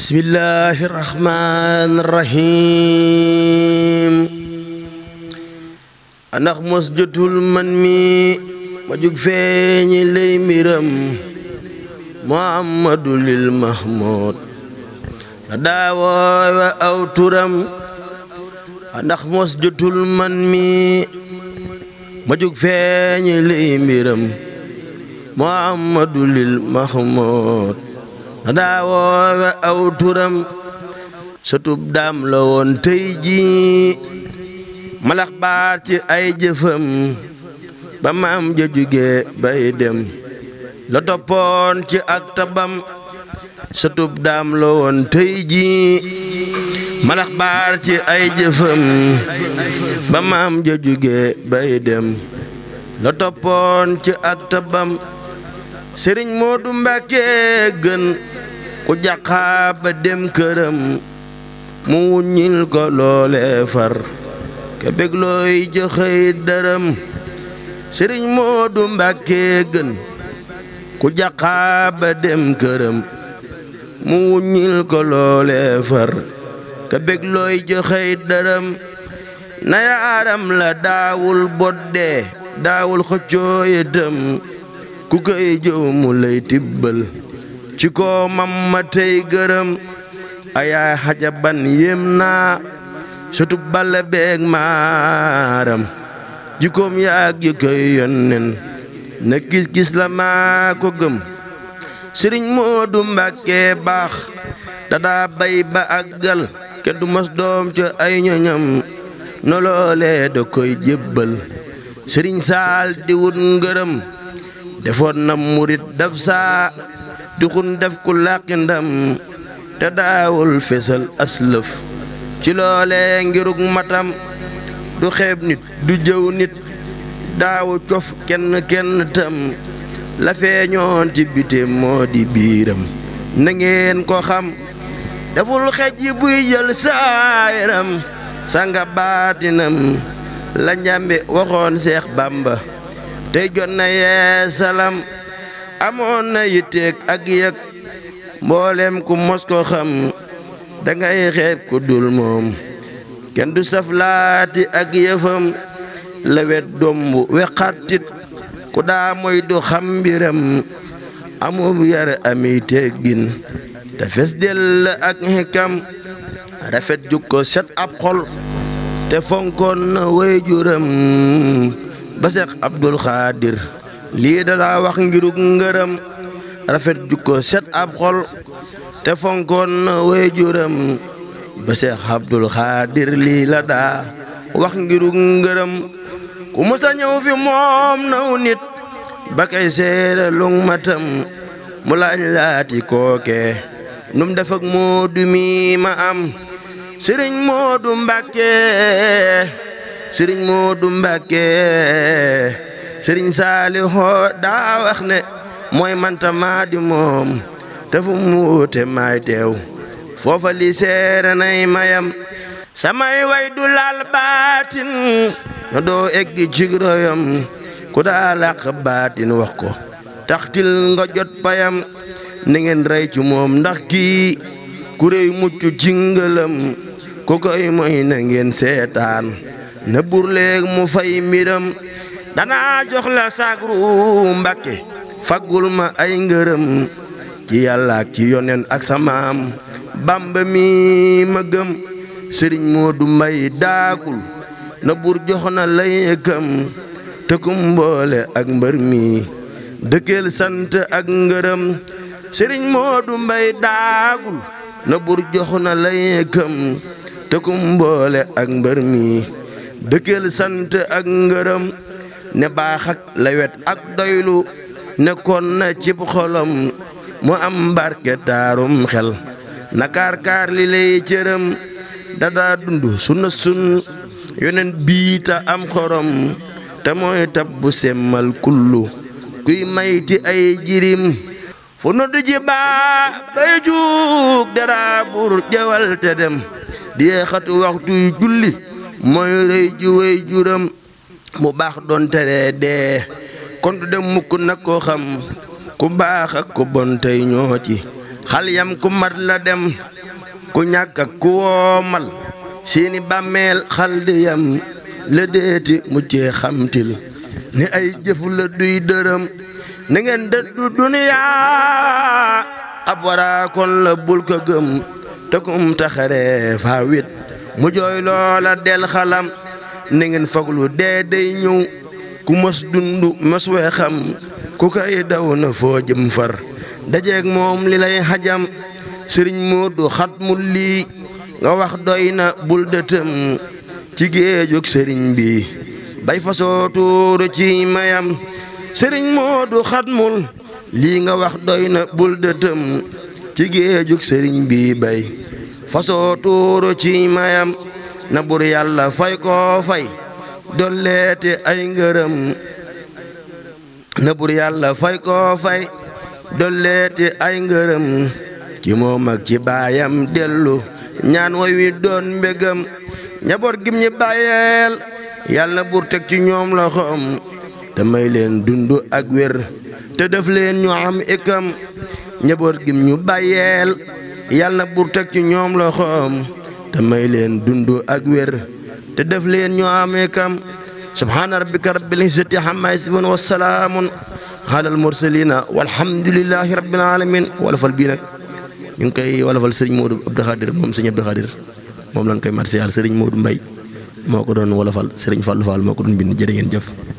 bismillahi rahmaani rahiim ndax mos jotul man mi ma jug feeñi lay mbiram lil mahmud la daawoowe aw turam ndax mos jotul man mi ma jug feeñi lay mbiram lil mahmud daa woowe aw turam sëtub daam la woon tey ji malax baar ci ay jëfam ba maam ja jugee bay dem la toppoon ci ak tabam sëtub daam la woon tey ji malax baar ci ay jëfam ba maam ja jugee bay dem la toppoon ci ak tabam sëriñ Moodu Mbàkke gën ku jàqaa ba dem këram mu wuññil ko loole far ke bég joxey dërëm sëriñ Moodu Mbàkke gën ku jàqaa ba dem këram mu wuññil ko loole far ke bég joxey dërëm na yaaram la daawul bodde daawul xëccoo itam ku koy jëw lay tibbal ci koo mam tey gërëm a xaja ban yéem naa sutub balla beeg maaram jikkoom yaag ji koy yonnen na gis-gis la maa ko gëm sëriñ Moodu Mbàkke baax dadaa bay ba àggal kenn du mos doom ca ay ñoñam noloolee da koy jébbal sëriñ saal di ngërëm defoon na murit daf saa dixun def ku làqi te daawul fesal aslëf ci loolee ngirug matam du xeeb nit du jëw nit daawu cof kenn kenn tam la feeñoon ci bite moo di biiram na ngeen ko xam deful xej yi buy jël saayiram sanga baatinam la njambi waxoon seex bamba te jot na yee salam amoon na yitteeg ak yëg mboolem ku mos ko xam dangay xeeb ku dul moom kenn du saflaati ak yëfam lewet domb wexatit ku daa moy du xam mbiram amum yar ami teggin te fes del ak kam rafet jukko set ab xol te fonkoon na way juram ba seex abdul xaadir lii dalaa wax ngirug ngërëm rafet jukko set ab xol te fonkoon na waajuram ba seex abdul xaadir lii la daa wax ngirug ngërëm ku mës a ñëw fi moom naw nit ba kay seere lung matam mu laañ laati kooke num def ak moodu ma am sëriñ moodu mbàkke sëriñ Moodu Mbàkke sëriñ Saalihoo daa wax ne mooy manta maa di moom te fu mu maay teew foofa seere nay mayam samay way du laal baatin no doo eggi cigroyam ku daa làq baatin wax ko taxtil nga jot payam ni ngeen rey ci moom ndax kii ku réy mucc jingalam ku koy moy na ngeen seetaan na buur léeg mu fay mbiram dana jox la saagru mbàkke faggul ma ay ngërëm ci yàlla ci yonen ak samaam bamba mi ma sëriñ moodu mbay daagul na buur jox na lay kam mboole ak mbër mi dëkkeel sant ak ngërëm sëriñ moodu mbay daakul na buur jox na lay kam mboole ak mbër mi dëkkeel sant ak ngërëm ne baax lawet ak doylu nekkoon na cib xolam mu am mbarke taarum xel nakaar-kaar li lay cëram dadaa dund suna sun yonen bii am xorom te mooy tab bu semmal kullu kuy mayti ay jirim fu nudd ji bay juug daraa bur jawal te dem di xatu waxtu julli mooy rëy ju wéy juram bu baax doonte dee dee kon dem mukk nag koo xam ku baax ak ku bon tey ñoo yam ku mat la dem ku ñàkkak ak ku woomal seeni bàmmeel xal di yam la deeti muccee xamtil ni ay jëfu la duy dërëm na ngeen dëddu duniyaa ab waraa la bul ko gëm te kum taxaree faa wit mu jooy loola del xalam na ngeen faglu dee day ñëw ku mës dund mës wee ku kay daw na foo jëm far dajeeg moom li lay xajam sëriñ Moodu xatmul lii nga wax doy na bul dëtëm ci géejug sëriñ bi bay fasoo tuuru ci mayam sëriñ Moodu xatmul lii nga wax doy na bul dëtëm ci géejug sëriñ bi bay fasoo tuuru ci mayam na bur yàlla fay koo fay dolleete ay ngërëm na bur yàlla fay koo fay dolleete ay ngërëm ci moom ak ci baayam dellu ñaan woy wi doon mbégam njaboot gim ñi bàyyeel yàlla bur teg ci ñoom loxoom te may leen dund ak wér te def leen ñu am ikam njaboot gim ñu bàyyeel yàlla bur teg ci ñoom loxoom te may leen dund ak wér te def leen ñoo amee kam subhaana rabbika rabbil izzati amma yasifuun wa salaamun alal mursalina walhamdulillahi rabbil alamin wolofal bii nag ñu ngi koy wolofal sëriñ Modou Abdou Khadir moom sëriñ Abdou Khadir moom lañ koy marsiyaal sëriñ Modou Mbaye moo ko doon wolofal sëriñ Fallou Fall moo ko doon bind jërë ngeen jëf